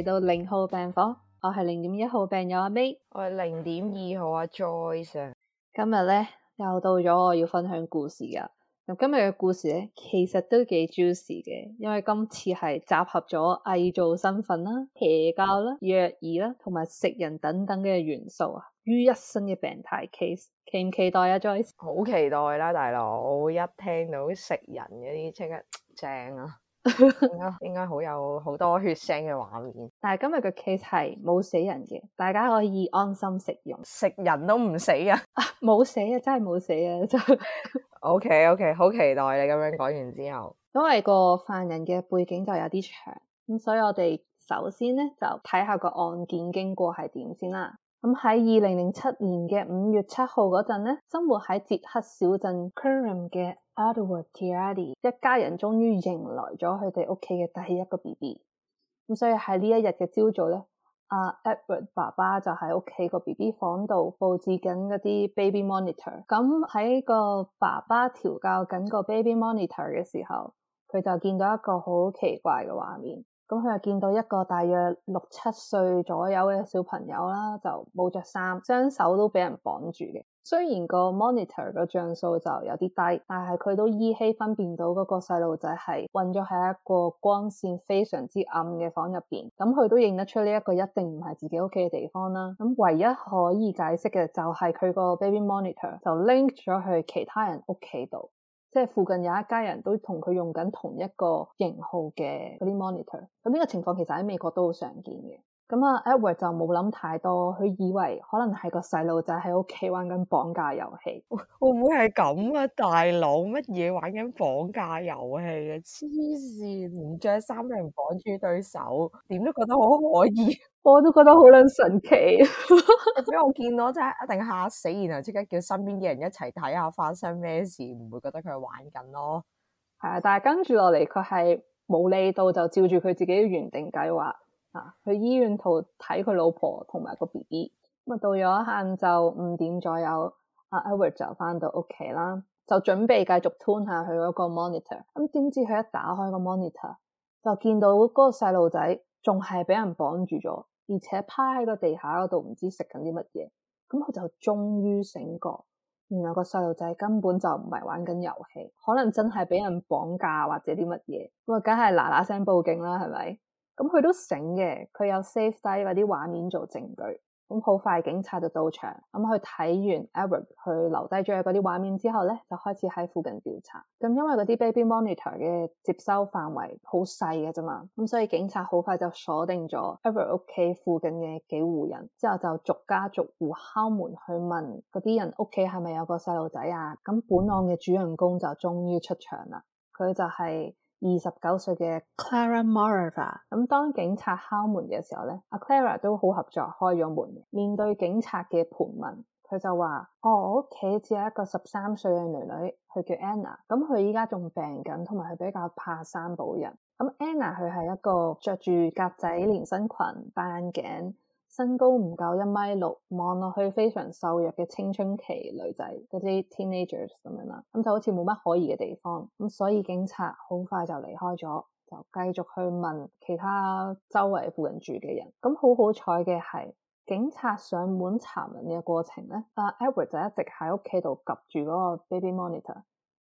嚟到零號病房，我係零點一號病友阿 May，我係零點二號阿 Joyce。今日咧又到咗我要分享故事噶。咁、啊、今日嘅故事咧其實都幾 juicy 嘅，因為今次係集合咗偽造身份啦、邪教啦、虐兒啦、同埋食人等等嘅元素啊，於一身嘅病態 case，期唔期待啊 Joyce？好期待啦、啊，大佬！我一聽到食人嗰啲，即刻正啊！ 應該好有好多血腥嘅畫面，但係今日嘅 case 係冇死人嘅，大家可以安心食用，食人都唔死 啊，冇死啊，真係冇死啊！就 OK OK，好期待你咁樣講完之後，因為個犯人嘅背景就有啲長，咁所以我哋首先咧就睇下個案件經過係點先啦。咁喺二零零七年嘅五月七號嗰陣咧，生活喺捷克小鎮 Kuřim 嘅 Edward Tiardi 一家人終於迎來咗佢哋屋企嘅第一個 BB，咁所以喺呢一日嘅朝早咧，阿、啊、Edward 爸爸就喺屋企個 BB 房度佈置緊嗰啲 baby monitor。咁喺個爸爸調教緊個 baby monitor 嘅時候，佢就見到一個好奇怪嘅畫面。咁佢就見到一個大約六七歲左右嘅小朋友啦，就冇着衫，雙手都俾人綁住嘅。雖然個 monitor 個像素就有啲低，但係佢都依稀分辨到嗰個細路仔係混咗喺一個光線非常之暗嘅房入邊，咁佢都認得出呢一個一定唔係自己屋企嘅地方啦。咁唯一可以解釋嘅就係佢個 baby monitor 就 link 咗去其他人屋企度，即係附近有一家人都同佢用緊同一個型號嘅嗰啲 monitor。咁呢個情況其實喺美國都好常見嘅。咁啊，Edward 就冇諗太多，佢以為可能係個細路仔喺屋企玩緊綁架遊戲，會唔會係咁啊？大佬乜嘢玩緊綁架遊戲啊？黐線，唔着衫俾人綁住對手，點都覺得好可疑，我都覺得好捻神奇。所 以我見到真係一定吓死，然後即刻叫身邊嘅人一齊睇下發生咩事，唔會覺得佢玩緊咯。係啊，但係跟住落嚟佢係冇理到，就照住佢自己嘅原定計劃。啊！去醫院度睇佢老婆同埋個 B B，咁啊到咗晏晝五點左右，阿 Edward 就翻到屋企啦，就準備繼續 turn 下佢嗰個 monitor。咁點知佢一打開個 monitor，就見到嗰個細路仔仲係俾人綁住咗，而且趴喺個地下嗰度唔知食緊啲乜嘢。咁佢就終於醒覺，原來個細路仔根本就唔係玩緊遊戲，可能真係俾人綁架或者啲乜嘢。咁啊，梗係嗱嗱聲報警啦，係咪？咁佢、嗯、都醒嘅，佢有 save 低嗰啲畫面做證據。咁、嗯、好快警察就到場，咁佢睇完 Edward 去留低咗嗰啲畫面之後咧，就開始喺附近調查。咁、嗯、因為嗰啲 baby monitor 嘅接收範圍好細嘅啫嘛，咁、嗯、所以警察好快就鎖定咗 Edward 屋企附近嘅幾戶人，之後就逐家逐戶敲門去問嗰啲人屋企係咪有個細路仔啊？咁、嗯、本案嘅主人公就終於出場啦，佢就係、是。二十九歲嘅 Clara Mauerova，咁當警察敲門嘅時候咧，阿 Clara 都好合作開咗門。面對警察嘅盤問，佢就話，哦，我屋企只有一個十三歲嘅女女，佢叫 Anna，咁佢依家仲病緊，同埋佢比較怕生保人。咁 Anna 佢係一個着住格仔連身裙、班頸。身高唔夠一米六，望落去非常瘦弱嘅青春期女仔，嗰啲 teenagers 咁樣啦，咁就好似冇乜可疑嘅地方，咁所以警察好快就離開咗，就繼續去問其他周圍附近住嘅人。咁好好彩嘅係，警察上門查人嘅過程咧，阿 Edward 就一直喺屋企度及住嗰個 baby monitor，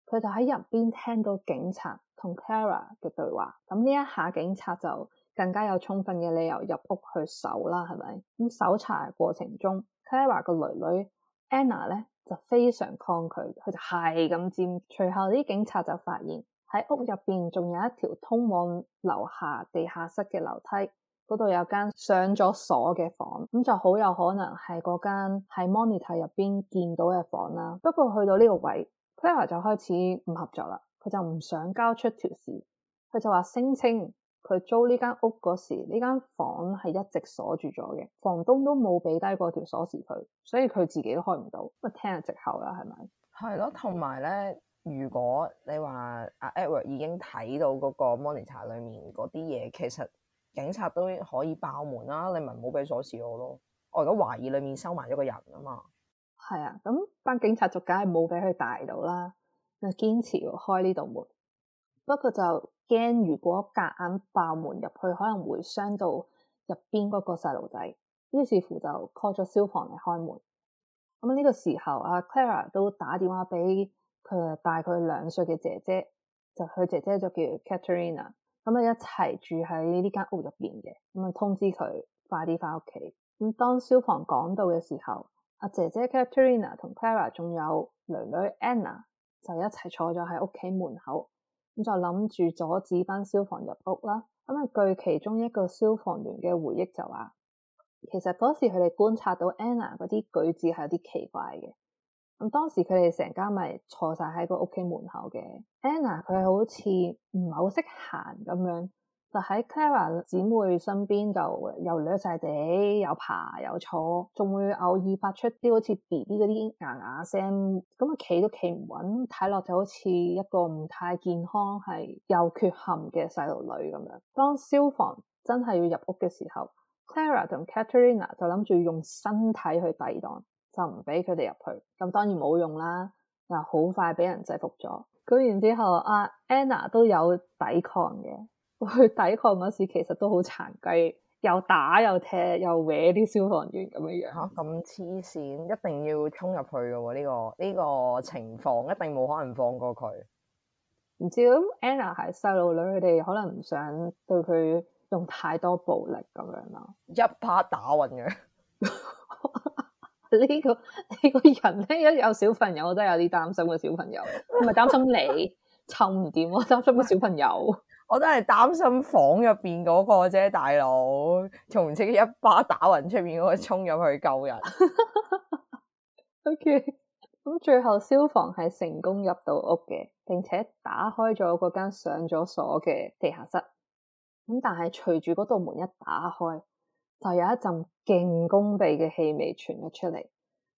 佢就喺入邊聽到警察同 Clara 嘅對話。咁呢一下警察就，更加有充分嘅理由入屋去搜啦，係咪？咁、嗯、搜查嘅過程中 Clara 個女女 Anna 咧就非常抗拒，佢就係咁尖。隨後啲警察就發現喺屋入邊仲有一條通往樓下地下室嘅樓梯，嗰度有間上咗鎖嘅房，咁就好有可能係嗰間喺 monitor 入邊見到嘅房啦。不過去到呢個位 Clara 就開始唔合作啦，佢就唔想交出條匙，佢就話聲稱。佢租呢間屋嗰時，呢間房係一直鎖住咗嘅，房東都冇俾低嗰條鎖匙佢，所以佢自己都開唔到。咁啊，聽日借口啦，係咪？係咯，同埋咧，如果你話阿 Edward 已經睇到嗰個 monitor 裏面嗰啲嘢，其實警察都可以爆門啦。你咪冇俾鎖匙我咯，我而家懷疑裏面收埋咗個人啊嘛。係啊，咁班警察就梗係冇俾佢大到啦，堅持要開呢度門。不過就驚如果夾硬爆門入去，可能會傷到入邊嗰個細路仔，於是乎就 call 咗消防嚟開門。咁、嗯、呢、這個時候，阿、啊、Clara 都打電話俾佢大佢兩歲嘅姐姐，就佢姐姐就叫 Katerina，咁、嗯、啊一齊住喺呢間屋入邊嘅，咁、嗯、啊通知佢快啲翻屋企。咁、嗯、當消防趕到嘅時候，阿、啊、姐姐 Katerina 同 Clara 仲有女女 Anna 就一齊坐咗喺屋企門口。咁、嗯、就諗住阻止班消防入屋啦。咁、嗯、啊，據其中一個消防員嘅回憶就話，其實嗰時佢哋觀察到 Anna 嗰啲舉止係有啲奇怪嘅。咁、嗯、當時佢哋成家咪坐晒喺個屋企門口嘅，Anna 佢好似唔係好識行咁樣，就喺 Clara 姊妹身邊，就又掠晒地，又爬又坐，仲會偶爾發出啲好似 B B 嗰啲牙牙聲。咁啊，企都企唔穩，睇落就好似一個唔太健康、係有缺陷嘅細路女咁樣。當消防真係要入屋嘅時候，時候，Clara 同 Caterina 就諗住用身體去抵擋，就唔俾佢哋入去。咁當然冇用啦，又好快俾人制服咗。咁然之後，阿、啊、Anna 都有抵抗嘅。去抵抗嗰時其實都好殘雞，又打又踢又搲啲消防員咁樣樣吓，咁黐線！一定要衝入去咯，呢個呢個情況一定冇可能放過佢。唔知咁 Anna 係細路女，佢哋可能唔想對佢用太多暴力咁樣咯，一巴打暈佢。呢 個呢個人咧，一有小朋友，我真係有啲擔心個小朋友，唔係擔心你，臭唔掂我擔心個小朋友。 我都係擔心房入邊嗰個啫，大佬，從唔識一巴打暈出面嗰個衝入去救人。O K，咁最後消防係成功入到屋嘅，並且打開咗嗰間上咗鎖嘅地下室。咁但係隨住嗰道門一打開，就有一陣勁攻鼻嘅氣味傳咗出嚟。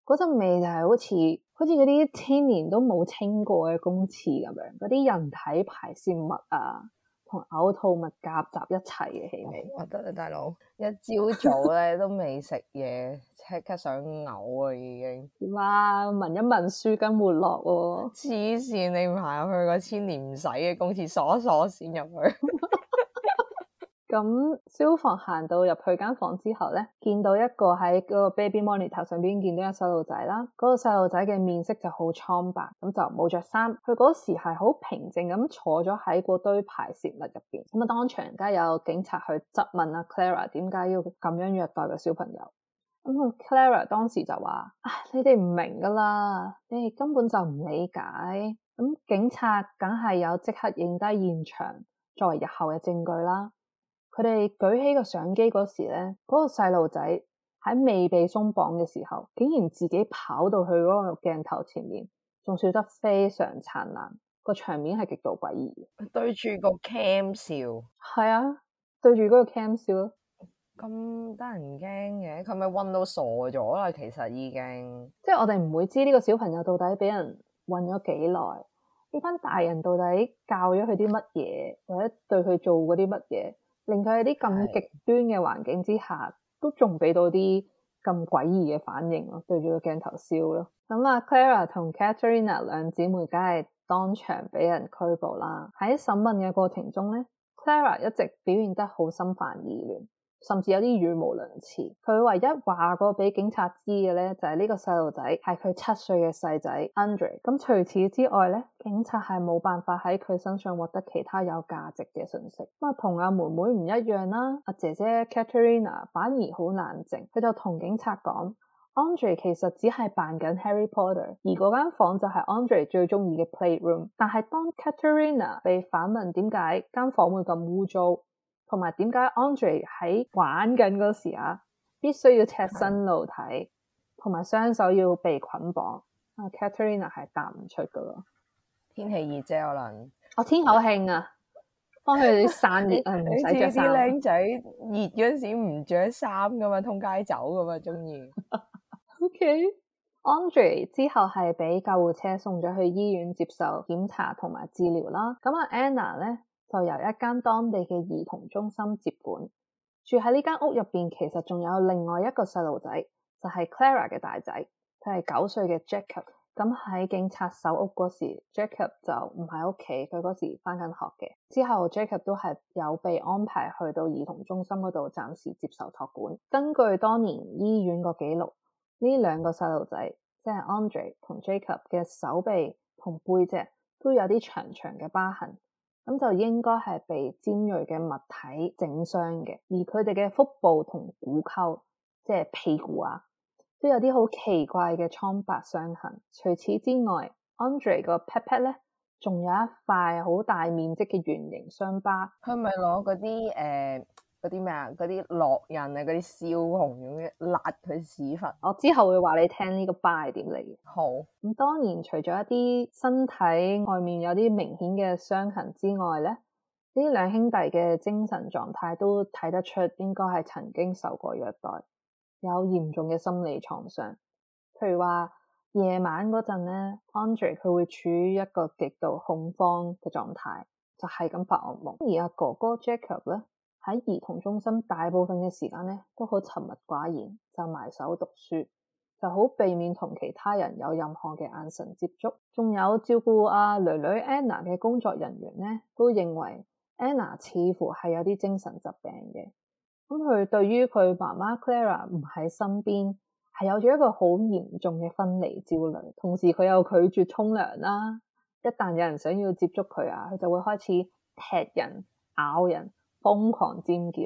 嗰陣味就係好似好似嗰啲千年都冇清過嘅公廁咁樣，嗰啲人體排泄物啊。同嘔吐物夾雜一齊嘅氣味，我得啦，大佬，一朝早咧 都未食嘢，即刻想嘔啊已經。哇，聞一聞舒筋活絡喎，啊。黐線，你唔行入去個千年唔使嘅公廁鎖一鎖先入去。 咁消防行到入佢間房之後咧，見到一個喺嗰個 baby monitor 上邊見到個細路仔啦，嗰個細路仔嘅面色就好蒼白，咁就冇着衫。佢嗰時係好平靜咁坐咗喺嗰堆排泄物入邊。咁啊，當場家有警察去質問啊，Clara 點解要咁樣虐待個小朋友？咁啊，Clara 當時就話，唉，你哋唔明噶啦，你哋根本就唔理解。咁警察梗係有即刻影低現場作為日後嘅證據啦。佢哋舉起個相機嗰時咧，嗰個細路仔喺未被鬆綁嘅時候，竟然自己跑到去嗰個鏡頭前面，仲笑得非常燦爛。個場面係極度詭異，對住個 cam 笑，係啊，對住嗰個 cam 笑咯，咁得人驚嘅。佢咪暈到傻咗啦？其實已經即係我哋唔會知呢個小朋友到底俾人暈咗幾耐，呢班大人到底教咗佢啲乜嘢，或者對佢做嗰啲乜嘢。令佢喺啲咁極端嘅環境之下，的都仲俾到啲咁詭異嘅反應咯，對住個鏡頭笑咯。咁啊，Clara 同 Katerina 兩姊妹，梗係當場俾人拘捕啦。喺審問嘅過程中咧，Clara 一直表現得好心煩意亂。甚至有啲語無倫次。佢唯一話過俾警察知嘅咧，就係、是、呢個細路仔係佢七歲嘅細仔 Andre。咁 And 除此之外咧，警察係冇辦法喺佢身上獲得其他有價值嘅信息。咁啊，同阿妹妹唔一樣啦。阿姐姐 Katerina 反而好冷靜，佢就同警察講，Andre 其實只係扮緊 Harry Potter，而嗰間房就係 Andre 最中意嘅 playroom。但係當 Katerina 被反問點解間房間會咁污糟？同埋點解 Andre 喺玩緊嗰時啊，必須要赤身露體，同埋雙手要被捆綁。啊，Katerina 係答唔出噶咯。天氣熱啫，可能。哦，天口慶啊，幫佢散熱啊，唔使著衫。啲靚仔熱嗰陣時唔着衫噶嘛，通街走噶嘛，中意。O K，Andre 之後係俾救護車送咗去醫院接受檢查同埋治療啦。咁啊，Anna 咧。就由一間當地嘅兒童中心接管。住喺呢間屋入邊，其實仲有另外一個細路仔，就係、是、Clara 嘅大仔，佢係九歲嘅 Jacob。咁喺警察搜屋嗰時，Jacob 就唔喺屋企，佢嗰時返緊學嘅。之後 Jacob 都係有被安排去到兒童中心嗰度暫時接受託管。根據當年醫院個記錄，呢兩個細路仔即、就、係、是、Andre 同 Jacob 嘅手臂同背脊都有啲長長嘅疤痕。咁就應該係被尖鋭嘅物體整傷嘅，而佢哋嘅腹部同股溝，即係屁股啊，都有啲好奇怪嘅蒼白傷痕。除此之外，Andre 個 pet pet 咧，仲有一塊好大面積嘅圓形傷疤。佢係咪攞嗰啲誒？呃嗰啲咩啊？嗰啲烙印啊，嗰啲燒紅咁樣辣佢屎忽。我之後會話你聽呢個 by 點嚟。好咁，當然除咗一啲身體外面有啲明顯嘅傷痕之外咧，呢兩兄弟嘅精神狀態都睇得出，應該係曾經受過虐待，有嚴重嘅心理創傷。譬如話夜晚嗰陣咧，Andre 佢會處於一個極度恐慌嘅狀態，就係咁發噩夢。而阿哥哥 Jacob 咧。喺兒童中心，大部分嘅時間咧都好沉默寡言，就埋首讀書，就好避免同其他人有任何嘅眼神接觸。仲有照顧阿囡囡 Anna 嘅工作人員咧，都認為 Anna 似乎係有啲精神疾病嘅。咁、嗯、佢對於佢媽媽 Clara 唔喺身邊，係有咗一個好嚴重嘅分離焦慮。同時佢又拒絕沖涼啦，一旦有人想要接觸佢啊，佢就會開始踢人、咬人。瘋狂尖叫，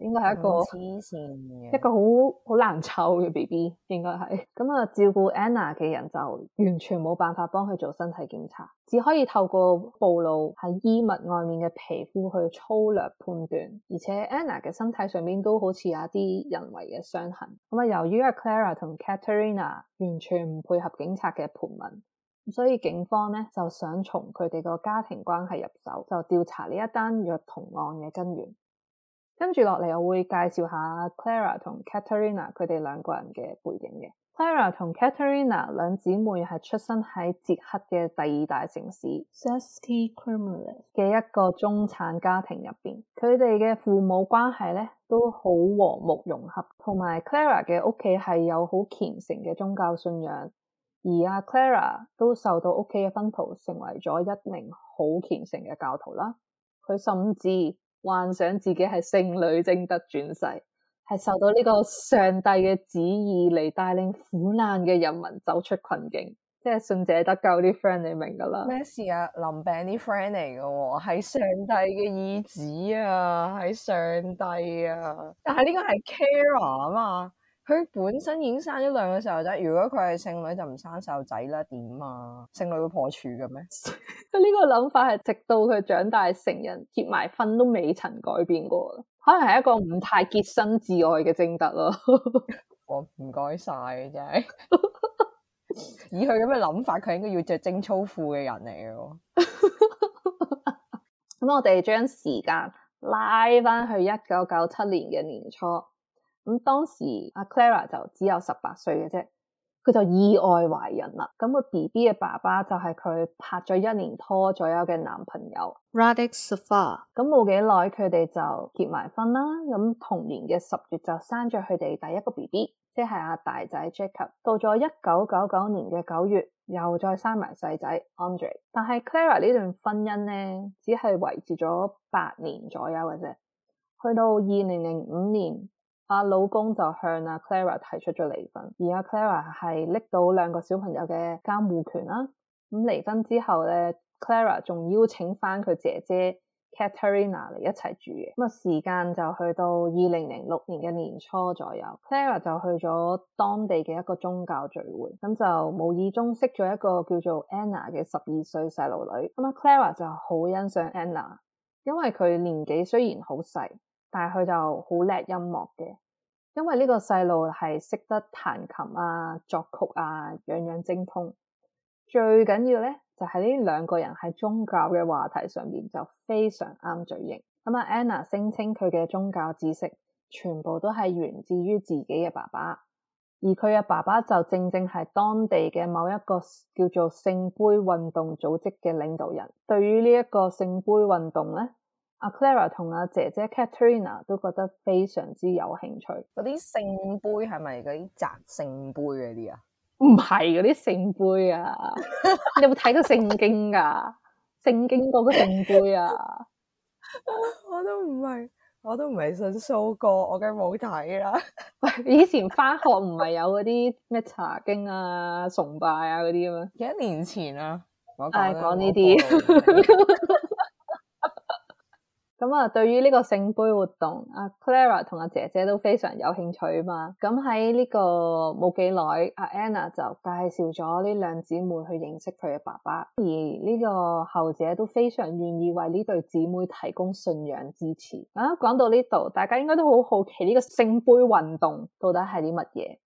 應該係一個黐線嘅，一個好好難湊嘅 B B，應該係。咁 啊、嗯，照顧 Anna 嘅人就完全冇辦法幫佢做身體檢查，只可以透過暴露喺衣物外面嘅皮膚去粗略判斷。而且 Anna 嘅身體上邊都好似有一啲人為嘅傷痕。咁、嗯、啊，由於阿 Clara 同 Katerina 完全唔配合警察嘅盤問。所以警方咧就想從佢哋個家庭關係入手，就調查呢一單虐童案嘅根源。跟住落嚟，我會介紹下 Clara 同 Katarina 佢哋兩個人嘅背景嘅。Clara 同 Katarina 兩姊妹係出生喺捷克嘅第二大城市 Saski Krumlov 嘅一個中產家庭入邊。佢哋嘅父母關係咧都好和睦融合。同埋 Clara 嘅屋企係有好虔誠嘅宗教信仰。而阿、啊、Clara 都受到屋企嘅熏陶，成為咗一名好虔誠嘅教徒啦。佢甚至幻想自己係聖女貞德轉世，係受到呢個上帝嘅旨意嚟帶領苦難嘅人民走出困境，即係信者得救啲 friend，你明噶啦。咩事啊？林病啲 friend 嚟噶喎，係上帝嘅意旨啊，喺上帝啊。 但係呢個係 Clara 啊嘛。佢本身已經生咗兩個細路仔，如果佢係剩女就唔生細路仔啦，點啊？剩女會破處嘅咩？佢呢 個諗法係直到佢長大成人結埋婚都未曾改變過，可能係一個唔太潔身自愛嘅徵得咯。 我唔該曬，真係 以佢咁嘅諗法，佢應該要著貞操褲嘅人嚟嘅。咁 我哋將時間拉翻去一九九七年嘅年初。咁當時阿 Clara 就只有十八歲嘅啫，佢就意外懷孕啦。咁個 B B 嘅爸爸就係佢拍咗一年拖左右嘅男朋友 Radek Safar。咁冇幾耐，佢哋就結埋婚啦。咁同年嘅十月就生咗佢哋第一個 B B，即係阿大仔 Jacob。到咗一九九九年嘅九月，又再生埋細仔 Andre。但係 Clara 呢段婚姻咧，只係維持咗八年左右嘅啫。去到二零零五年。阿老公就向阿、啊、Clara 提出咗離婚，而阿、啊、Clara 係拎到兩個小朋友嘅監護權啦。咁離婚之後咧，Clara 仲邀請翻佢姐姐 Katerina 嚟一齊住嘅。咁啊，時間就去到二零零六年嘅年初左右，Clara 就去咗當地嘅一個宗教聚會，咁就無意中識咗一個叫做 Anna 嘅十二歲細路女。咁、嗯、啊，Clara 就好欣賞 Anna，因為佢年紀雖然好細。但係佢就好叻音樂嘅，因為呢個細路係識得彈琴啊、作曲啊，樣樣精通。最緊要咧，就喺、是、呢兩個人喺宗教嘅話題上邊就非常啱嘴型。咁、嗯、啊，Anna 聲稱佢嘅宗教知識全部都係源自於自己嘅爸爸，而佢嘅爸爸就正正係當地嘅某一個叫做聖杯運動組織嘅領導人。對於呢一個聖杯運動咧？阿 Clara 同阿姐姐 Katerina 都覺得非常之有興趣。嗰啲聖杯係咪嗰啲摘聖杯嗰啲啊？唔係嗰啲聖杯啊！ 你有冇睇過聖經噶？聖經嗰個聖杯啊！ 我都唔係，我都唔係信蘇哥，我梗係冇睇啦。喂 以前返學唔係有嗰啲咩查經啊、崇拜啊嗰啲啊嘛？幾多年前啊，我係講呢啲。哎 咁啊、嗯，對於呢個聖杯活動，阿、啊、Clara 同阿、啊、姐姐都非常有興趣嘛、嗯、啊！咁喺呢個冇幾耐，阿 Anna 就介紹咗呢兩姊妹去認識佢嘅爸爸，而呢個後者都非常願意為呢對姊妹提供信仰支持。啊，講到呢度，大家應該都好好奇呢個聖杯運動到底係啲乜嘢？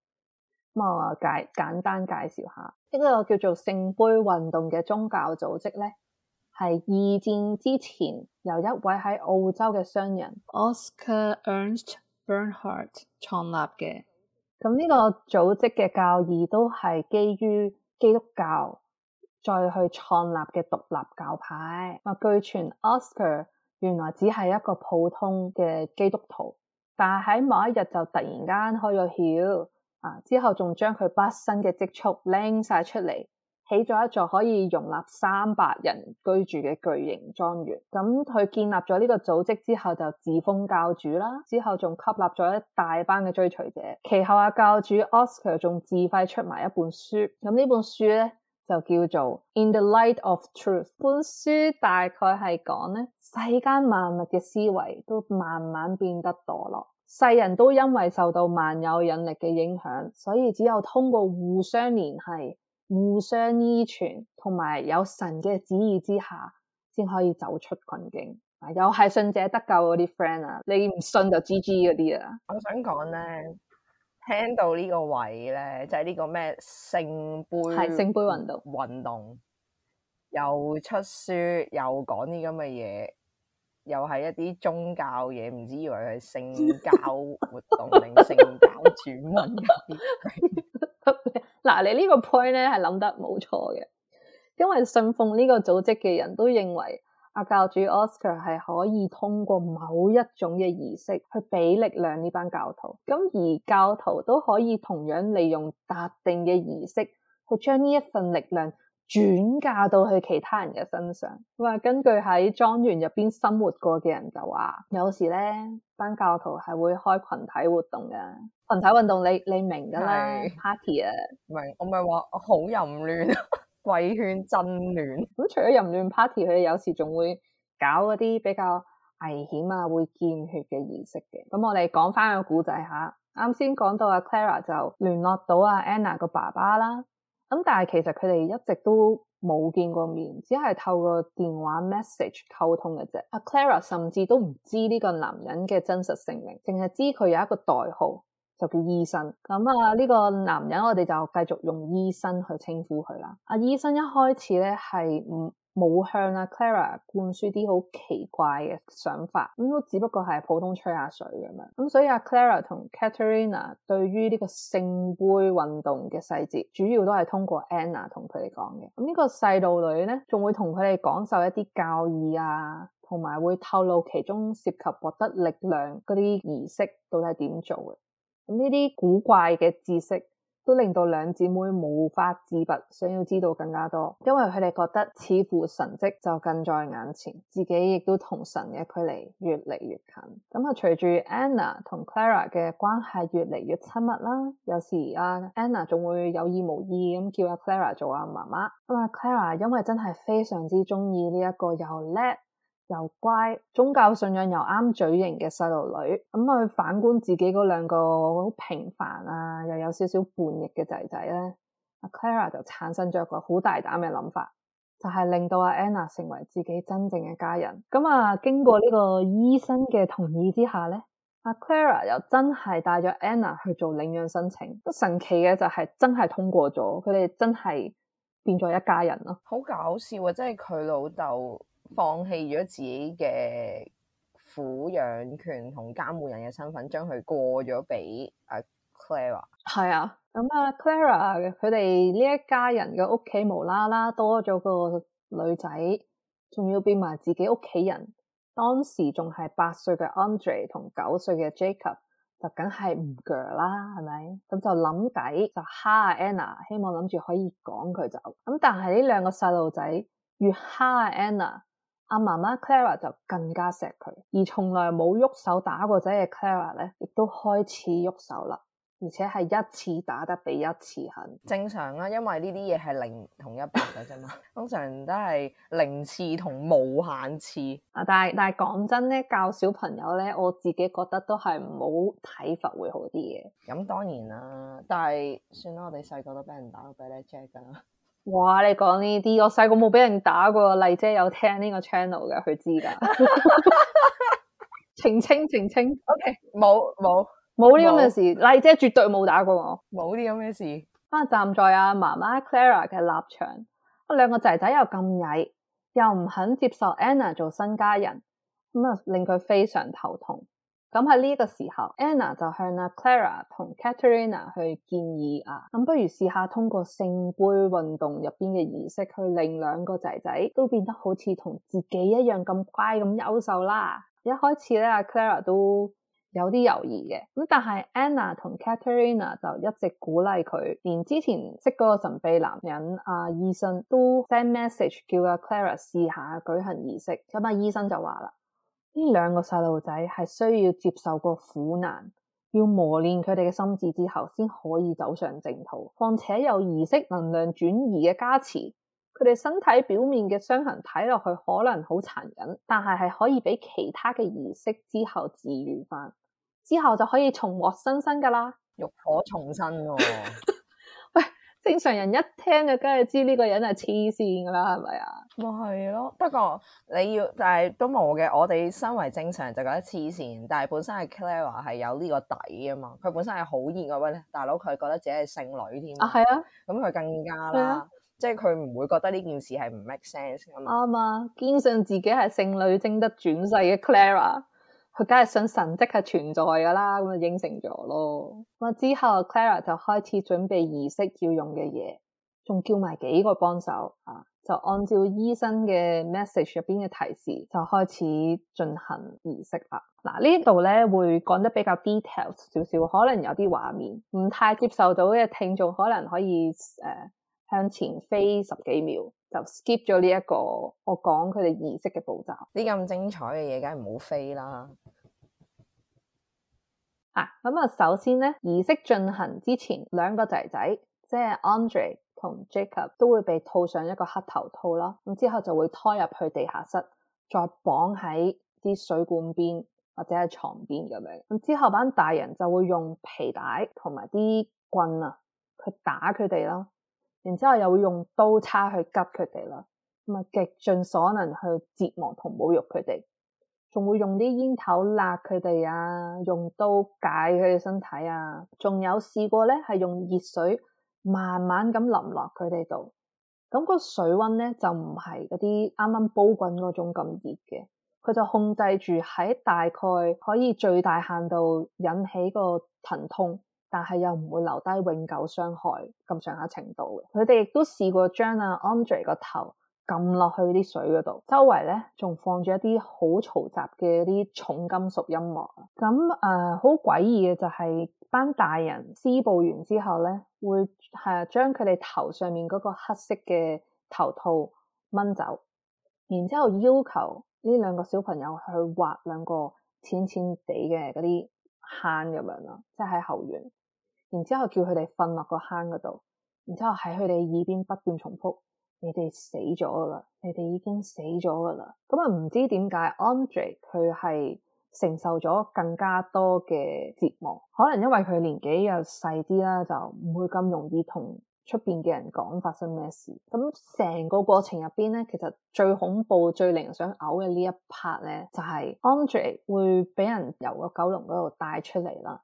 咁、嗯、啊，介簡單介紹下一、這個叫做聖杯運動嘅宗教組織咧。係二戰之前，由一位喺澳洲嘅商人 Oscar Ernst Bernhardt 創立嘅。咁呢個組織嘅教義都係基於基督教再去創立嘅獨立教派。據傳 Oscar 原來只係一個普通嘅基督徒，但係喺某一日就突然間開咗竅，啊，之後仲將佢畢生嘅積蓄拎晒出嚟，起咗一座可以容納三百人居住嘅巨型莊園。咁佢建立咗呢個組織之後，就自封教主啦。之後仲吸納咗一大班嘅追隨者。其後阿教主 Oscar 仲自費出埋一本書。咁呢本書咧就叫做《In the Light of Truth》。本書大概係講咧世間萬物嘅思維都慢慢變得墮落，世人都因為受到萬有引力嘅影響，所以只有通過互相聯繫，互相依存，同埋有，有神嘅旨意之下，先可以走出困境。又係信者得救嗰啲 friend 啊，你唔信就 GG 嗰啲啊。我想講咧，聽到呢個位咧，就係、是、呢個咩聖杯，係聖杯運動運動，動又出書又講啲咁嘅嘢，又係一啲宗教嘢，唔知以為係性教活動定性教傳聞啲。 嗱，你呢個 point 咧係諗得冇錯嘅，因為信奉呢個組織嘅人都認為阿教主 Oscar 係可以通過某一種嘅儀式去俾力量呢班教徒，咁而教徒都可以同樣利用特定嘅儀式去將呢一份力量，轉嫁到去其他人嘅身上。咁啊，根據喺莊園入邊生活過嘅人，就話，有時咧班教徒係會開群體活動嘅。群體運動，你你明噶啦是，party 啊！明，我咪係話好淫亂， 鬼圈真亂。咁除咗淫亂 party，佢哋有時仲會搞嗰啲比較危險啊，會見血嘅儀式嘅。咁我哋講翻個古仔吓。啱先講到阿、啊、Clara 就聯絡到阿、啊、Anna 個爸爸啦。咁但係其實佢哋一直都冇見過面，只係透過電話 message 溝通嘅啫。阿、啊、Clara 甚至都唔知呢個男人嘅真實姓名，淨係知佢有一個代號，就叫醫生。咁啊，呢、這個男人我哋就繼續用醫生去稱呼佢啦。阿、啊、醫生一開始咧係唔。冇向阿 Clara 灌輸啲好奇怪嘅想法，咁都只不過係普通吹下水咁樣。咁所以阿 Clara 同 Caterina 對於呢個聖杯運動嘅細節，主要都係通過 Anna 同佢哋講嘅。咁、這個、呢個細路女咧，仲會同佢哋講授一啲教義啊，同埋會透露其中涉及獲得力量嗰啲儀式到底係點做嘅。咁呢啲古怪嘅知識。都令到兩姊妹無法自拔，想要知道更加多，因為佢哋覺得似乎神蹟就近在眼前，自己亦都同神嘅距離越嚟越近。咁、嗯、啊，隨住 Anna 同 Clara 嘅關係越嚟越親密啦，有時阿、啊、Anna 仲會有意無意咁叫阿、啊、Clara 做阿、啊、媽媽。咁、嗯、啊，Clara 因為真係非常之中意呢一個又叻，又乖，宗教信仰又啱嘴型嘅細路女，咁、嗯、佢反觀自己嗰兩個好平凡啊，又有少少叛逆嘅仔仔咧，阿 Clara 就產生咗一個好大膽嘅諗法，就係、是、令到阿 Anna 成為自己真正嘅家人。咁、嗯、啊，經過呢個醫生嘅同意之下咧，阿 Clara 又真係帶咗 Anna 去做領養申請。神奇嘅就係真係通過咗，佢哋真係變咗一家人咯。好搞笑啊！真係佢老豆放棄咗自己嘅撫養權同監護人嘅身份，將佢過咗俾阿 Clara。係啊，咁、嗯、啊 Clara 佢哋呢一家人嘅屋企無啦啦多咗個女仔，仲要變埋自己屋企人。當時仲係八歲嘅 Andre 同九歲嘅 Jacob、嗯、就梗係唔鋸啦，係咪？咁就諗計就蝦 Anna，希望諗住可以趕佢走。咁、嗯、但係呢兩個細路仔越蝦 Anna。阿媽媽 Clara 就更加錫佢，而從來冇喐手打過仔嘅 Clara 咧，亦都開始喐手啦，而且係一次打得比一次狠。正常啊，因為呢啲嘢係零同一百嘅啫嘛， 通常都係零次同冇限次。啊，但係但係講真咧，教小朋友咧，我自己覺得都係唔好體罰會好啲嘅。咁當然啦，但係算啦，我哋細個都俾人打過俾你 Jack 噶啦。哇！你講呢啲，我細個冇俾人打過。麗姐有聽呢個 channel 嘅，佢知噶。 澄清澄清，OK，冇冇冇呢咁嘅事。麗姐絕對冇打過我，冇啲咁嘅事。啊，站在阿、啊、媽媽 Clara 嘅立場，啊，兩個仔仔又咁曳，又唔肯接受 Anna 做新家人，咁啊令佢非常頭痛。咁喺呢個時候，Anna 就向阿 Clara 同 Caterina 去建議啊，咁不如試下通過聖杯運動入邊嘅儀式，去令兩個仔仔都變得好似同自己一樣咁乖咁優秀啦。一開始咧，阿 Clara 都有啲猶豫嘅，咁但係 Anna 同 Caterina 就一直鼓勵佢，連之前識嗰個神秘男人阿、啊、醫生都 send message 叫阿 Clara 試下舉行儀式，咁啊醫生就話啦。呢兩個細路仔係需要接受個苦難，要磨練佢哋嘅心智之後，先可以走上正途。況且有儀式能量轉移嘅加持，佢哋身體表面嘅傷痕睇落去可能好殘忍，但係係可以俾其他嘅儀式之後治癒翻，之後就可以重獲新生噶啦，浴火重生、哦。 喂！正常人一聽就梗係知呢個人係黐線噶啦，係咪啊？咪係咯，不過你要但係都冇嘅。我哋身為正常人就覺得黐線，但係本身係 Clara 係有呢個底啊嘛。佢本身係好熱嘅，喂大佬佢覺得自己係聖女添啊，係啊，咁佢更加啦，啊、即係佢唔會覺得呢件事係唔 make sense 噶嘛？啱啊，堅信自己係聖女正轉，貞德轉世嘅 Clara。佢梗係想神跡係存在噶啦，咁就應承咗咯。咁之後，Clara 就開始準備儀式要用嘅嘢，仲叫埋幾個幫手啊，就按照醫生嘅 message 入邊嘅提示，就開始進行儀式啦。嗱、啊、呢度咧會講得比較 detail 少少，可能有啲畫面唔太接受到嘅聽眾，可能可以誒。呃向前飛十幾秒就 skip 咗呢一個我講佢哋儀式嘅步驟，呢啲咁精彩嘅嘢，梗係唔好飛啦。嗱、啊，咁、嗯、啊，首先咧儀式進行之前，兩個仔仔即係 Andre 同 Jacob 都會被套上一個黑頭套啦，咁、嗯、之後就會拖入去地下室，再綁喺啲水管邊或者係床邊咁樣。咁、嗯、之後班大人就會用皮帶同埋啲棍啊，去打佢哋咯。然之後又會用刀叉去拮佢哋啦，咁啊極盡所能去折磨同侮辱佢哋，仲會用啲煙頭辣佢哋啊，用刀解佢嘅身體啊，仲有試過咧係用熱水慢慢咁淋落佢哋度，咁、那個水溫咧就唔係嗰啲啱啱煲滾嗰種咁熱嘅，佢就控制住喺大概可以最大限度引起個疼痛。但係又唔會留低永久傷害咁上下程度嘅。佢哋亦都試過將阿 André 個頭撳落去啲水嗰度，周圍咧仲放住一啲好嘈雜嘅啲重金屬音樂。咁誒好詭異嘅就係班大人施暴完之後咧，會係將佢哋頭上面嗰個黑色嘅頭套掹走，然之後要求呢兩個小朋友去畫兩個淺淺地嘅嗰啲坑咁樣啦，即係喺後院。然之後叫佢哋瞓落個坑嗰度，然之後喺佢哋耳邊不斷重複：你哋死咗噶啦，你哋已經死咗噶啦。咁啊，唔知點解 Andre 佢係承受咗更加多嘅折磨，可能因為佢年紀又細啲啦，就唔會咁容易同出邊嘅人講發生咩事。咁成個過程入邊咧，其實最恐怖、最令人想嘔嘅呢一 part 咧，就係、是、Andre 會俾人由個狗籠嗰度帶出嚟啦。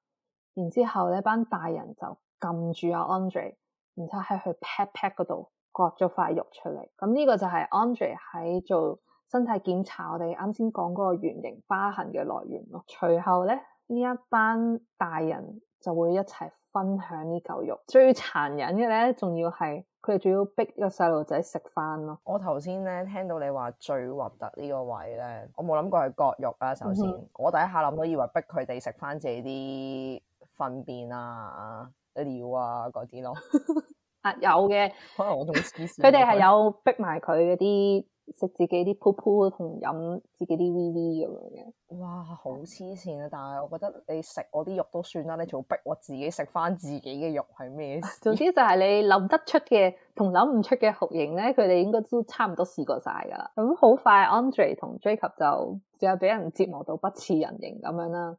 然之後咧，班大人就撳住阿 Andre，然之後喺佢 pat pat 嗰度割咗塊肉出嚟。咁、嗯、呢、呢個就係 Andre 喺做身體檢查，我哋啱先講嗰個圓形疤痕嘅來源咯。隨後咧，呢一班大人就會一齊分享呢嚿肉。最殘忍嘅咧，仲要係佢哋仲要逼個細路仔食翻咯。我頭先咧聽到你話最核突呢個位咧，我冇諗過去割肉啊。首先，嗯、我第一下諗到以為逼佢哋食翻自己啲糞便啊、啲尿啊嗰啲咯，啊 有嘅的，可能我仲黐線，佢哋係有逼埋佢嗰啲食自己啲 poop 同飲自己啲 viv 咁樣嘅，哇，好黐線啊！但係我覺得你食我啲肉都算啦，你仲逼我自己食翻自己嘅肉係咩？總之就係你諗得出嘅同諗唔出嘅酷刑咧，佢哋應該都差唔多試過晒噶啦。咁好快，Andre 同 Jacob 就就又俾人折磨到不似人形咁樣啦。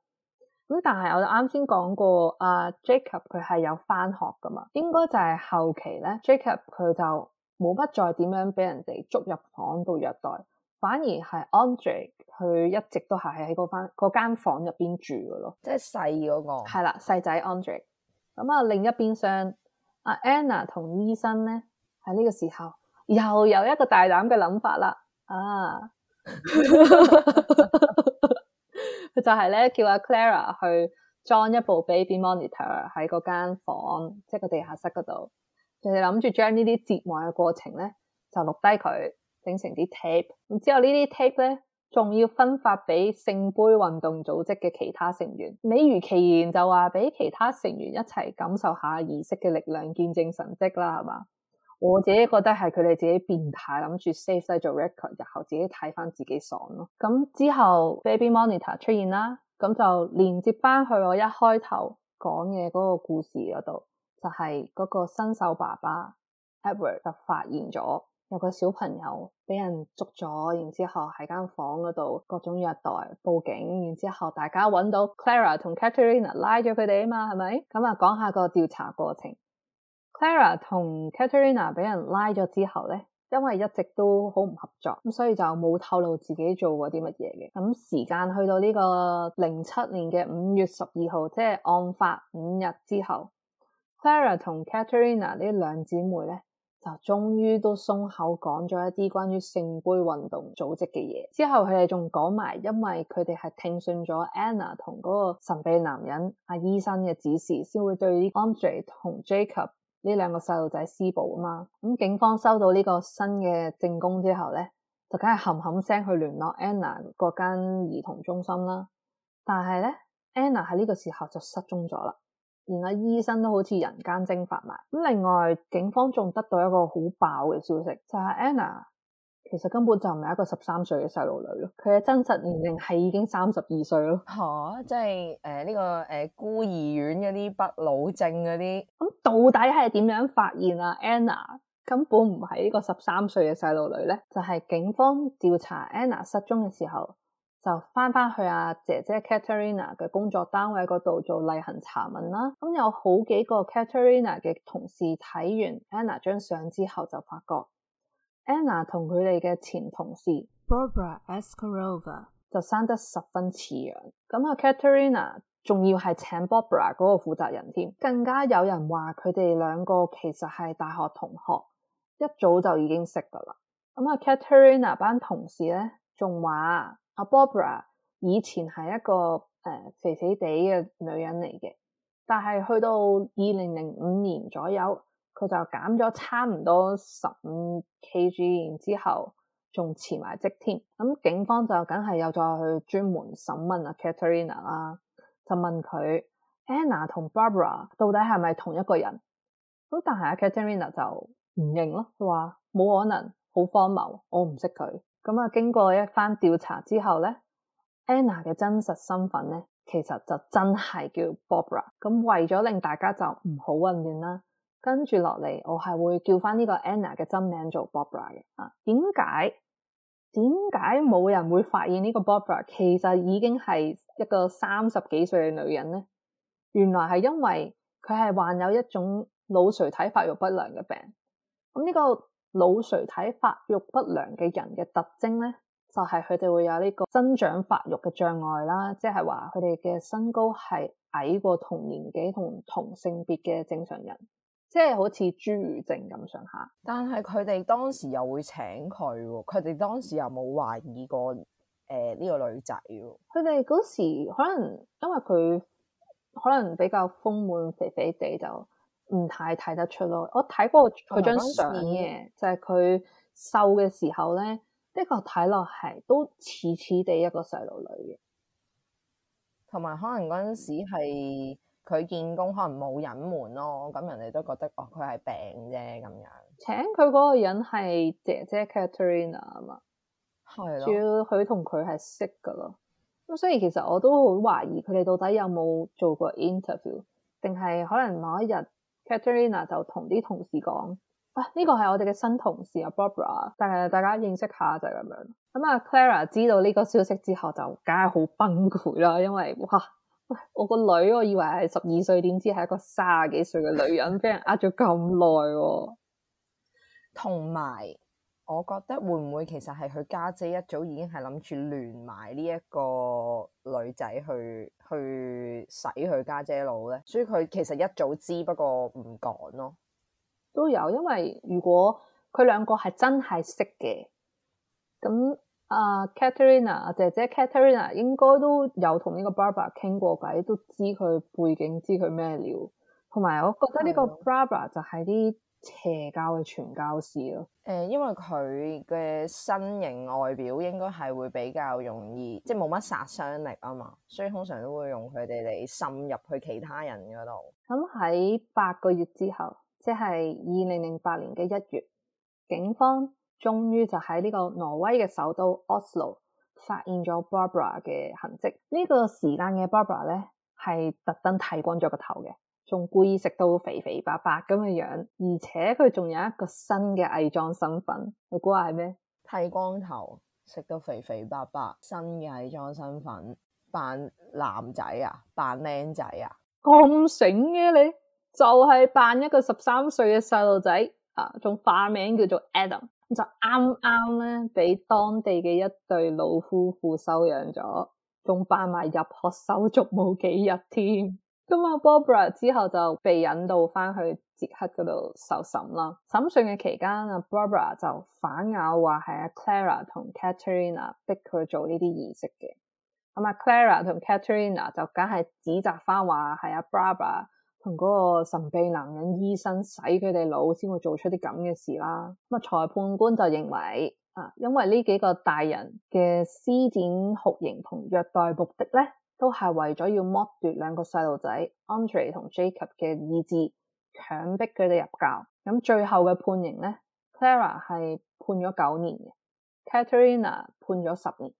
咁但係我啱先講過阿、啊、Jacob 佢係有翻學噶嘛，應該就係後期咧，Jacob 佢就冇乜再點樣俾人哋捉入房度虐待，反而係 Andre 佢一直都係喺嗰翻間房入邊、那個、住噶咯，即係細嗰個係啦，細仔 Andre。咁啊，另一邊廂阿、啊、Anna 同醫生咧，喺呢個時候又有一個大膽嘅諗法啦。啊！ 佢就係咧，叫阿、啊、Clara 去裝一部 baby monitor 喺嗰間房間，即係個地下室嗰度，佢哋諗住將呢啲折磨嘅過程咧就錄低佢，整成啲 tape、tape。之後呢啲 tape 咧仲要分發俾聖杯運動組織嘅其他成員，美如其言就話俾其他成員一齊感受下儀式嘅力量，見證神蹟啦，係嘛？我自己覺得係佢哋自己變態，諗住 save 晒做 record，然後自己睇翻自己爽咯。咁之後 Baby Monitor 出現啦，咁就連接翻去我一開頭講嘅嗰個故事嗰度，就係、是、嗰個新手爸爸 Edward 就發現咗有個小朋友俾人捉咗，然之後喺間房嗰度各種虐待，報警，然之後大家揾到 Clara 同 Katherine 拉咗佢哋啊嘛，係咪？咁啊，講下個調查過程。Clara 同 Caterina 俾人拉咗之後咧，因為一直都好唔合作，咁所以就冇透露自己做過啲乜嘢嘅。咁、嗯、時間去到呢、呢個零七年嘅五月十二號，即係案發五日之後，Clara 同 Caterina 呢兩姊妹咧就終於都鬆口講咗一啲關於聖杯運動組織嘅嘢。之後佢哋仲講埋，因為佢哋係聽信咗 Anna 同嗰個神秘男人阿、啊、醫生嘅指示，先會對啲 Andre 同 Jacob，呢兩個細路仔施暴啊嘛，咁警方收到呢個新嘅證供之後咧，就梗係冚冚聲去聯絡 Anna 嗰間兒童中心啦。但係咧，Anna 喺呢個時候就失蹤咗啦，連個醫生都好似人間蒸發埋。咁另外，警方仲得到一個好爆嘅消息，就係、是、Anna。其實根本就唔係一個十三歲嘅細路女咯，佢嘅真實年齡係已經三十二歲咯。嚇、啊！即係誒呢個誒、呃、孤兒院嗰啲不老症嗰啲，咁到底係點樣發現啊？Anna 根本唔係呢個十三歲嘅細路女咧，就係、是、警方調查 Anna 失蹤嘅時候，就返返去阿、啊、姐姐 Katerina 嘅工作單位嗰度做例行查問啦。咁、嗯、有好幾個 Katerina 嘅同事睇完 Anna 張相之後，就發覺。Anna 同佢哋嘅前同事 Barbara Escarova 就生得十分似樣，咁啊 Katerina 仲要係請 Barbara 嗰個負責人添，更加有人話佢哋兩個其實係大學同學，一早就已經識噶啦。咁啊 Katerina 班同事咧，仲話阿 Barbara 以前係一個誒、呃、肥肥哋嘅女人嚟嘅，但係去到二零零五年左右，佢就減咗差唔多十五 kg，然之後仲辭埋職添。咁警方就梗係又再去專門審問阿 Katerina 啦，就問佢 Anna 同 Barbara 到底係咪同一個人？咁但係阿 Katerina 就唔認咯，佢話冇可能，好荒謬，我唔識佢。咁啊，經過一番調查之後咧，Anna 嘅真實身份咧，其實就真係叫 Barbara。咁為咗令大家就唔好混亂啦。跟住落嚟，我係會叫翻呢個 Anna 嘅真名做 Barbara 嘅啊。點解點解冇人會發現呢個 Barbara 其實已經係一個三十幾歲嘅女人咧？原來係因為佢係患有一種腦垂體發育不良嘅病。咁呢個腦垂體發育不良嘅人嘅特徵咧，就係佢哋會有呢個增長發育嘅障礙啦，即係話佢哋嘅身高係矮過同年紀同同性別嘅正常人。即係好似侏儒症咁上下，但係佢哋當時又會請佢，佢哋當時又冇懷疑過誒呢、呃這個女仔。佢哋嗰時可能因為佢可能比較豐滿肥肥地，就唔太睇得出咯。我睇過佢張相嘅，就係佢瘦嘅時候咧，的確睇落係都似似地一個細路女嘅，同埋可能嗰陣時係。佢見工可能冇隱瞞咯，咁人哋都覺得哦，佢係病啫咁樣。請佢嗰個人係姐姐 Catherine 啊嘛，係的咯，主要佢同佢係識噶咯。咁所以其實我都好懷疑佢哋到底有冇做過 interview，定係可能某一日 Catherine 就同啲同事講，啊呢個係我哋嘅新同事啊，Barbara，但係大家認識下就係咁樣。咁、嗯、啊，Clara 知道呢個消息之後就梗係好崩潰啦，因為哇！我個女，我以為係十二歲，點知係一個卅幾歲嘅女人，俾人呃咗咁耐。同埋，我覺得會唔會其實係佢家姐一早已經係諗住聯埋呢一個女仔去去洗佢家姐腦咧？所以佢其實一早知，不過唔講咯。都有，因為如果佢兩個係真係識嘅，咁。啊，Katerina 啊，uh, ina, 姐姐 Katerina 應該都有同呢個 Barbara 傾過偈，都知佢背景，知佢咩料。同埋我覺得呢個 Barbara 的就係啲邪教嘅傳教士咯。誒、呃，因為佢嘅身形外表應該係會比較容易，即係冇乜殺傷力啊嘛，所以通常都會用佢哋嚟滲入去其他人嗰度。咁喺八個月之後，即係二零零八年嘅一月，警方，終於就喺呢個挪威嘅首都 Oslo 發現咗 Barbara 嘅痕跡。呢、這個時間嘅 Barbara 咧係特登剃光咗個頭嘅，仲故意食到肥肥白白咁嘅樣，而且佢仲有一個新嘅偽裝身份。你估係咩？剃光頭，食到肥肥白白，新嘅偽裝身份，扮男仔啊，扮靚仔啊，咁醒嘅你，就係、是、扮一個十三歲嘅細路仔啊，仲化名叫做 Adam。就啱啱咧，俾當地嘅一對老夫婦收養咗，仲辦埋入學手續冇幾日添。咁啊，Barbara 之後就被引導翻去捷克嗰度受審啦。審訊嘅期間，阿 Barbara 就反咬話係阿 Clara 同 Katerina 逼佢做呢啲儀式嘅。咁啊，Clara 同 Katerina 就梗係指責翻話係阿 Barbara。同嗰個神秘男人醫生洗佢哋腦，先會做出啲咁嘅事啦。咁啊，裁判官就認為啊，因為呢幾個大人嘅施展酷刑同虐待目的咧，都係為咗要剝奪兩個細路仔 Andre 同 Jacob 嘅意志，強迫佢哋入教。咁啊，最後嘅判刑咧，Clara 係判咗九年嘅，Katerina 判咗十年。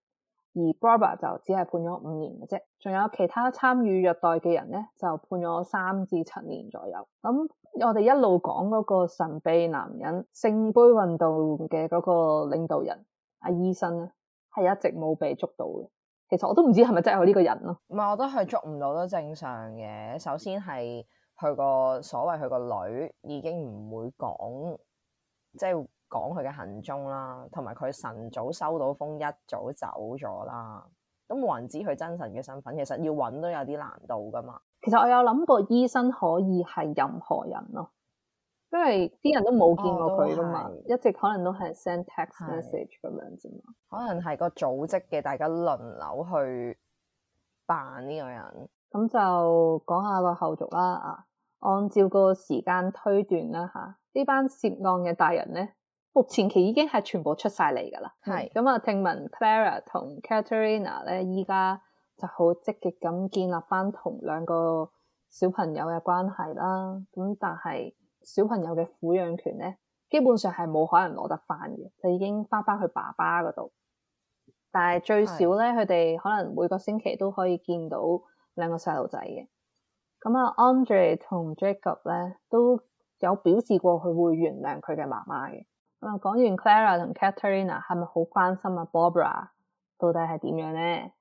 而 Barbara 就只係判咗五年嘅啫，仲有其他參與虐待嘅人咧，就判咗三至七年左右。咁、嗯、我哋一路講嗰個神秘男人聖杯運動嘅嗰個領導人阿、啊、醫生咧，係一直冇被捉到嘅。其實我都唔知係咪真係有呢個人咯、啊。唔係，我都係捉唔到都正常嘅。首先係佢個所謂佢個女已經唔會講，即係。講佢嘅行蹤啦，同埋佢晨早收到風一早走咗啦，咁冇人知佢真神嘅身份。其實要揾都有啲難度噶嘛。其實我有諗過，醫生可以係任何人咯，因為啲人都冇見過佢、哦、都嘛，一直可能都係 send text message 咁是樣啫嘛。可能係個組織嘅，大家輪流去扮呢個人。咁就講下個後續啦。啊，按照個時間推斷啦吓，呢班涉案嘅大人咧。目前期已經係全部出晒嚟㗎啦，係咁啊！聽聞 Clara 同 Caterina 咧，依家就好積極咁建立翻同兩個小朋友嘅關係啦。咁但係小朋友嘅撫養權咧，基本上係冇可能攞得翻嘅，就已經翻返去爸爸嗰度。但係最少咧，佢哋是可能每個星期都可以見到兩個細路仔嘅。咁啊，Andre 同 Jacob 咧都有表示過，佢會原諒佢嘅媽媽嘅。咁啊，講完 Clara 同 Caterina，係咪好關心啊？Barbara 到底係點樣咧？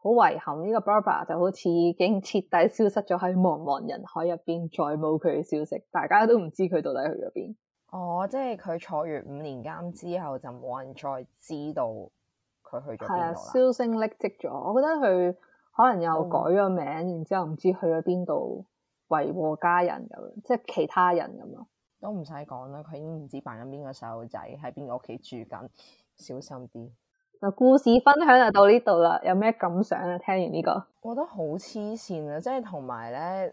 好遺憾，呢、這個 Barbara 就好似已經徹底消失咗喺茫茫人海入邊，再冇佢嘅消息，大家都唔知佢到底去咗邊。哦，即係佢坐完五年監之後，就冇人再知道佢去咗。係、嗯、啊，銷聲匿跡咗。我覺得佢可能又改咗名，嗯、然之後唔知去咗邊度，遺禍家人咁樣，即係其他人咁樣。都唔使講啦，佢已經唔知扮緊邊個細路仔，喺邊個屋企住緊，小心啲。嗱，故事分享就到呢度啦。有咩感想啊？聽完呢個，我覺得好黐線啊！即係同埋咧，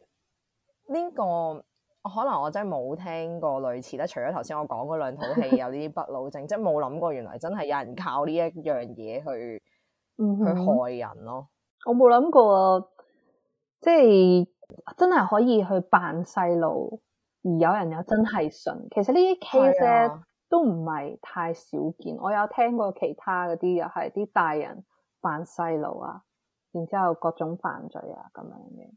呢個可能我真係冇聽過類似。咧，除咗頭先我講嗰兩套戲有啲不老症， 即係冇諗過原來真係有人靠呢一樣嘢去 去害人咯。我冇諗過，即係真係可以去扮細路。而有人又真係信，其實呢啲 case 咧都唔係太少見。我有聽過其他嗰啲又係啲大人扮細路啊，然之後各種犯罪啊咁樣嘅，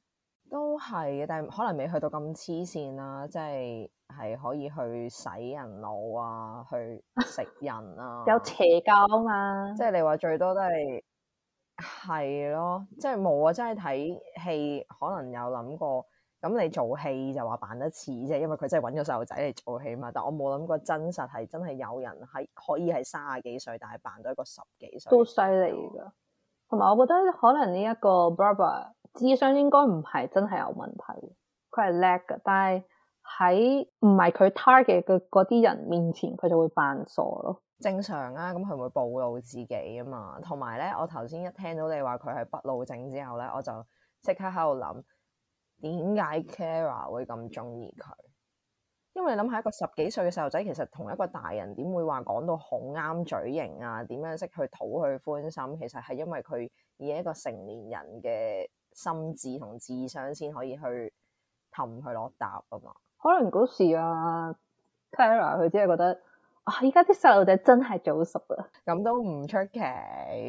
都係嘅。但係可能未去到咁黐線啦，即係係可以去洗人腦啊，去食人啊， 有邪教啊嘛。即係你話最多都係係咯，即係冇啊！真係睇戲可能有諗過。咁你做戲就話扮得似啫，因為佢真係揾咗細路仔嚟做戲嘛。但我冇諗過真實係真係有人係可以係卅幾歲，但係扮到一個十幾歲。都犀利噶，同埋我覺得可能呢一個 Barbara 智商應該唔係真係有問題，佢係叻嘅。但係喺唔係佢 target 嘅嗰啲人面前，佢就會扮傻咯。正常啊，咁佢會暴露自己啊嘛。同埋咧，我頭先一聽到你話佢係不老症之後咧，我就即刻喺度諗。點解 Cara 會咁中意佢？因為你諗下一個十幾歲嘅細路仔，其實同一個大人點會話講到好啱嘴型啊？點樣識去討佢歡心？其實係因為佢以一個成年人嘅心智同智商先可以去氹佢落搭啊嘛。可能嗰時啊 Cara 佢只係覺得啊，依家啲細路仔真係早熟啊，咁都唔出奇。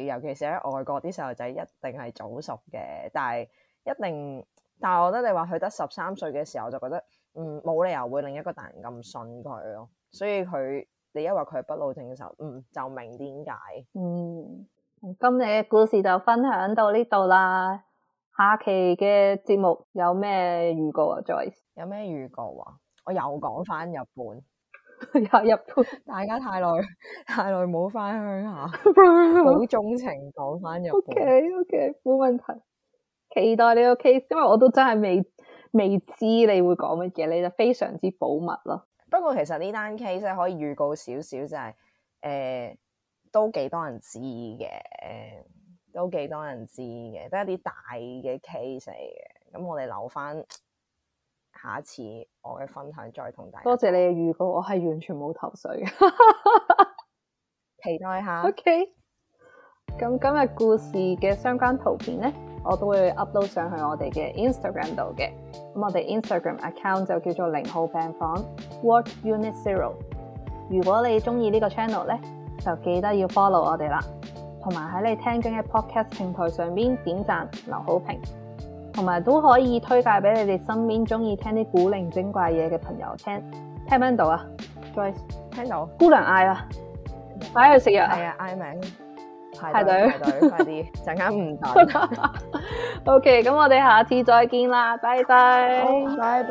尤其是喺外國啲細路仔一定係早熟嘅，但係一定。但係我覺得你話佢得十三歲嘅時候，我就覺得，嗯，冇理由會另一個大人咁信佢咯，所以佢你因為佢不老正嘅時候，嗯就明點解。嗯，今日嘅故事就分享到呢度啦。下期嘅節目有咩預告啊？Joyce 有咩預告啊？我又講翻日本，又 日本，大家太耐太耐冇翻去下，好鍾 情講翻日本。O K O K，冇問題。期待呢個 case，因為我都真係未未知你會講乜嘢，你就非常之保密咯。不過其實呢單 case 可以預告少少，就是，就係誒都幾多人知嘅，都幾多人知嘅，都係啲大嘅 case 嚟嘅。咁我哋留翻下一次我嘅分享，再同大家。多謝你嘅預告，我係完全冇頭緒。 期待下。OK。咁今日故事嘅相關圖片咧？我都會 upload 上去我哋嘅 Instagram 度嘅，咁我哋 Instagram account 就叫做零號病房 （Ward Unit Zero）。如果你中意呢個 channel 咧，就記得要 follow 我哋啦，同埋喺你聽緊嘅 podcast 平台上邊點讚留好評，同埋都可以推介俾你哋身邊中意聽啲古靈精怪嘢嘅朋友聽。聽唔聽到啊？再聽到，姑娘嗌啊，快去食藥啊！係啊，嗌名。排隊，快啲，陣間唔等。OK，咁我哋下次再見啦，拜拜，拜拜。